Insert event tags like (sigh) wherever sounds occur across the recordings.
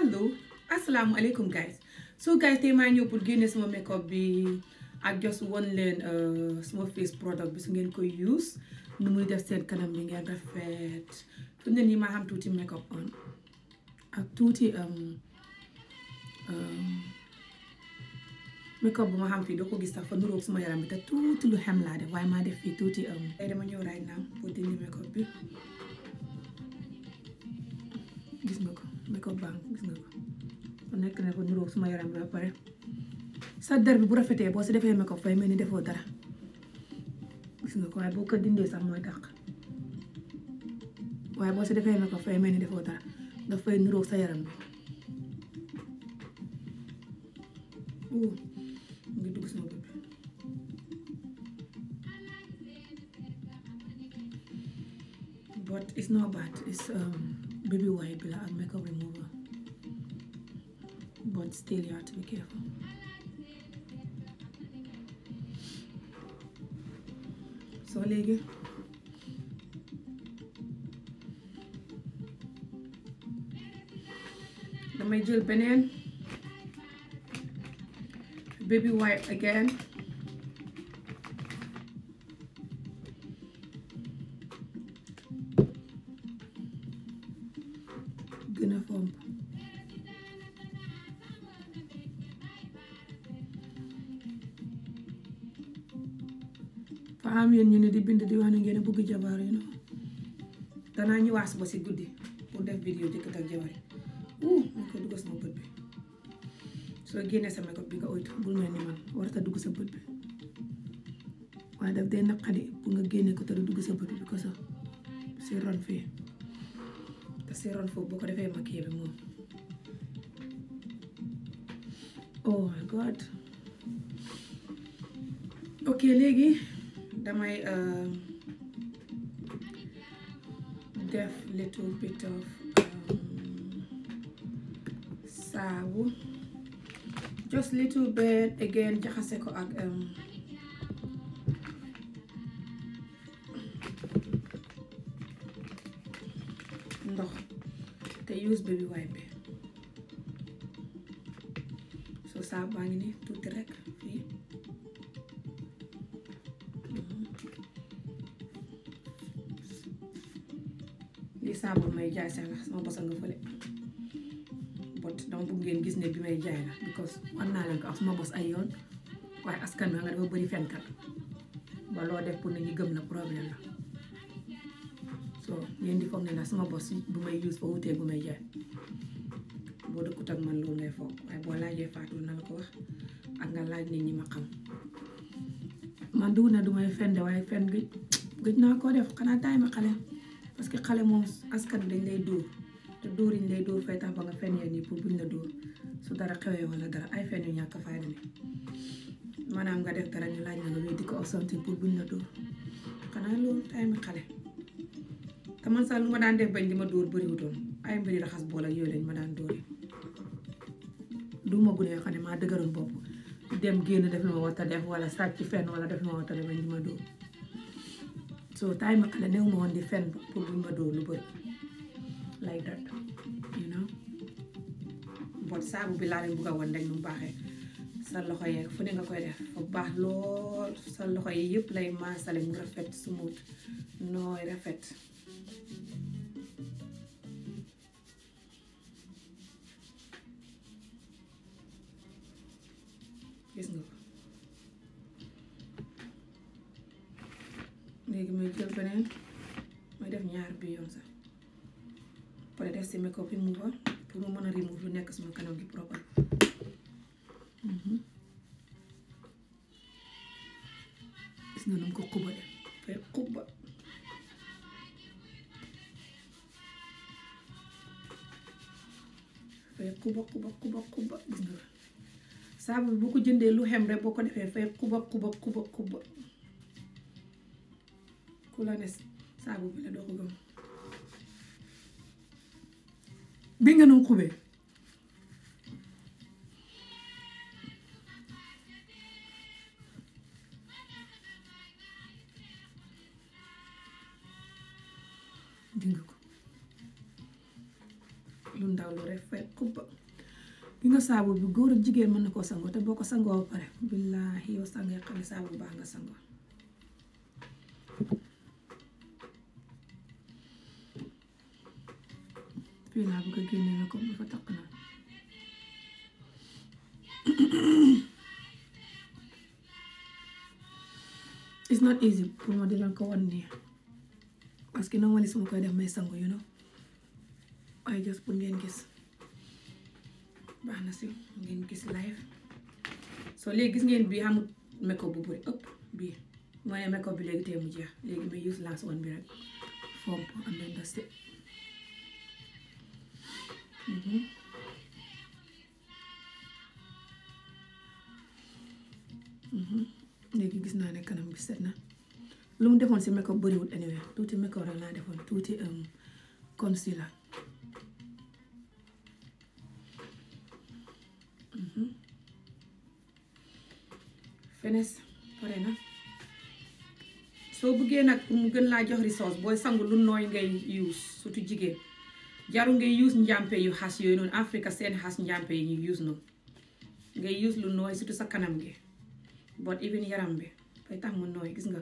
allo asalaamualeykum guys so guys tey maa ñëw pour génne sama makeup bi ak just won leen euh, suma face product bi su ngeen koy use nu muy def seen kanam bi ngeen rafet fu ne nii maa xam tuuti makeup on ak tuuti euh, euh, makeup bu ma xam fii doo ko gis sax fa nuroog suma yaram bi te tuuti lu xem laa def waaye maa def fii tuuti ay dama ñëw right now pour dindi makeup bi di ko baax gis nga ko kon nekk na ko niroog suma yaram bi ba pare sa der bi bu rafetee boo si defee ma ko fay mel ni defoo dara gis nga ko waaye boo ko dindee sax mooy dàq waaye boo si defee ma ko fay mel ni defoo dara dafay niroog sa yaram bi oo ngi dugg sama but it's baby white bi la ak remover but still you to be careful so léegi damay jël beneen baby white again gën a fomp fa am yéen ñu ne di bind di wax ne ngeen bëgg jabar yi noonu danaa ñu waas si guddi pour def vidéo jëkkët ak jabar yi uh man ko dugg sama bët bi soo génnee sa makeup bi nga oytu bul mel ni man warta dugg sa bët bi waaye daf dee naqari pour nga génne ko te dugg sa bët bi ko sa si ron fii si ron foofu boo ko defee maquillé bi moom oh my god ok léegi damay euh, def little bit of euh, saabu just little bit again jaxase ko ak euh, use baby wipe bi so saabu baa ngi ni tuuti rek fii mhm. lii saabu may jaay sax la sama basa nga fële bot dama bëgg ngeen gis ne bi may jaay la because wan naa leen ko ak sama bos ay yoon waaye askan wi nga dafa bëri fenkat ba def pour nit gëm la problème la so ngeen di foog ne nag sama bos bu may use fa wutee bu may jaay boo dëkkut ak man loolu ngay foog waaye boo laajee Fatou na la ko wax ak nga laaj nit ñi ma xam man dugg na du may fen waaye fen gi gëj naa koo def xanaa taay xale parce que xale moom askan dañ lay dóor te dóor yi ñu lay dóor fay tax ba nga fen yéen ñi pour buñ la dóor su dara xewee wala dara ay fen yu ñàkk fay demee maanaam nga def dara ñu laaj na nga wéy di ko osanti pour buñ la dóor te man sax lu ma daan def bañ li ma dóor bëriwutoon ay mbiri raxas bool ak yooyu lañ ma daan dóore du ma gune yoo xam ne maa dëgëroon bopp dem génn def la ma warta def wala sàcc fenn wala def la ma warta def bañ li ma dóor so taay ma xale néew ma woon di fenn pour buñ ma dóor lu bëri lay dat you know bot saabu bi laa leen bugg a woon rek mu baaxee sa loxo yeeg fu ne nga koy def bu baax lool sa loxo yi yëpp lay maasale mu rafet smooth nooy rafet léegi may jël beneen may def ñaar bi yoon sax pare def si makeup remover pour mu mën a remove lu nekk suma kanam gi propre mhm. gis nga nu ko xubba de fay xubba fay xubba xubba saabu boo ko jëndee lu xem rek boo ko defee fay xubba xubba xubba xubba ku la nes saabu bi la doo ko gëm bi nga nu xubee dinga ko lu ndaw lu rafet xubba bi nga saabu bi góor a jigéen mën na koo sangoo te boo ko sangoo ba pare billaahi yow sangee xam ne saabu baax nga sangoo kii laa bëgg a génne la comme dafa takk na it's not easy pour ma di ko wan nii parce que normally su ma koy def may sangu you know waaye just pour ngeen gis baax na si ngeen gis live so léegi gis ngeen bii xamut makeup bu bëri ëpp bii mooy makeup bi léegi tey mu léegi may use last one bi rek fomp am nañ Mhm. léegi gis naa ne kanam gi set na lu mu defoon si make-up bëriwul anyway tuuti make-up rek laa defoon tuuti um, concealer mm-hmm. fenes pare na soo bëggee nag mu gën laa jox ressource booy sangu lu nooy ngay use surtout jigéen jarul ngay use njàmpe yu xas yooyu noonu Afrique seen xas njàmpe yi ñu use noonu ngay use lu nooy surtout sa kanam gi but even yaram bi fay tax ma nooy gis nga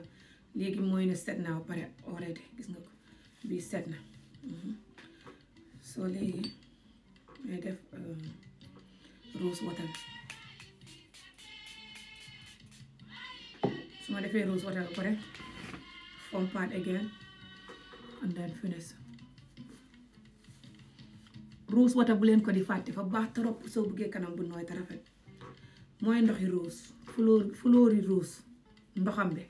léegi mooy ne set na ba pare already gis nga ko bii set na mhm. soo léegi ngay def euh, rose water su ma defee rose water ba pare form part again and then finish ruus wata bu leen ko di fàtte fa baax trop soo buggee kanam bu nooy te rafet mooy ndoxi ruus fleur fleuri ruus ndoxam bi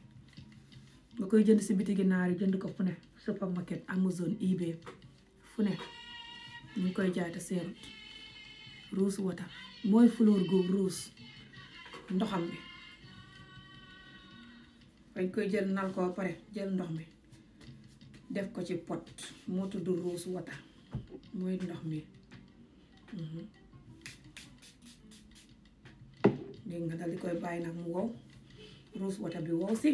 nga koy jënd si bitigi naar yi jënd ko fu ne supermarket amazon ebay fu ne ñu ngi koy jaay te seerut ruus wata mooy fleur googu ruus ndoxam dañ koy jël nal ko pare jël ndox mi def ko ci pot moo tudd ruus wata mooy ndox mi Mm-hmm. dégg nga dal di koy bàyyi nag mu wow rose water bi wow si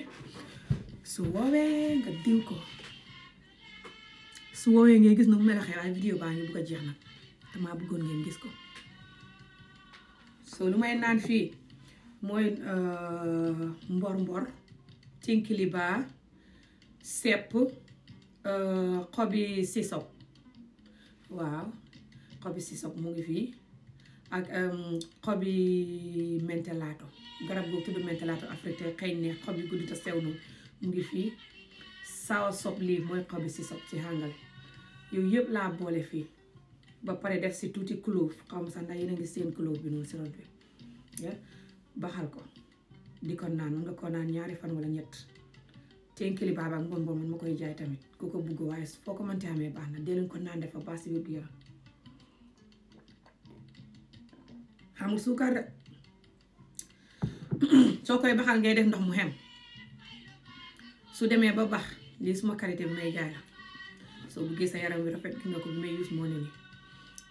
su woowee nga diw ko su woowee ngay gis na mu melaxee waaye vidéo baa ngi bugg a jeex nag damaa bëggoon ngeen gis ko so lu may naan fii mooy uh, mbor mbor tinkilibaa sepp uh, xobi siso waaw xobi sisop mu ngi fii ak xobi mentelaato garab googu tudd mentelaato afrique xëy ne xob yi guddi te sew na mu ngi fii sawa sob lii mooy xobi sisop ci hàngal yow yëpp laa boole fii ba pare def si tuuti clove xaw ma sax ndax yéen a ngi seen clove bi noonu si ron bi baxal ko di ko naan mun nga ko naan ñaari fan wala ñett tenkili baaba ak mboom mboom man ma koy jaay tamit ku ko bugg waaye foo ko mënti amee baax na dee leen ko naan defa baax si xam suukar de (clears throat) soo koy baxal ngay def ndox mu xem su demee ba bax lii suma karité bi may jaay la soo buggee sa yaram wi rafet ki ko bi may use moo ne nii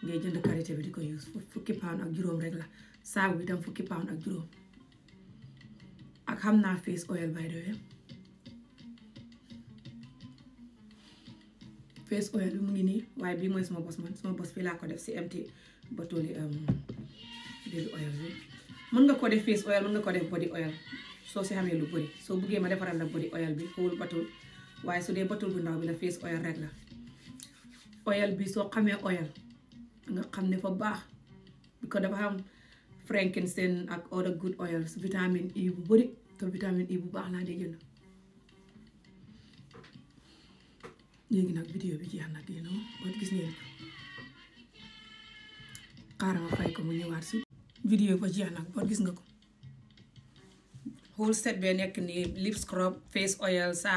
ngay jënd karité bi di ko use fukki pound ak juróom rek la saabu bi tam fukki pound ak juróom ak xam naa face oil by the face oil bi mu ngi nii waaye bii mooy suma bos man suma bos fii laa ko def si empty batoli um, jël mën nga ko def face oil mën nga ko def body oil soo si xamee lu bëri soo buggee ma defaral la body oil bi xawul batul waaye su dee bu ndaw bi la oil rek la bi soo xamee oil nga xam ne fa baax ko dafa xam frankincense ak other good oils vitamine E bu bëri te vitamine E bu baax naa dee jënd léegi nag vidéo bi jeex nag yéen a gis ngeen xaaral ma fay ko mu ñëwaat si. vidéo ba jeex nag bon gis nga ko whole set bee nekk nii lip scrub face oil sa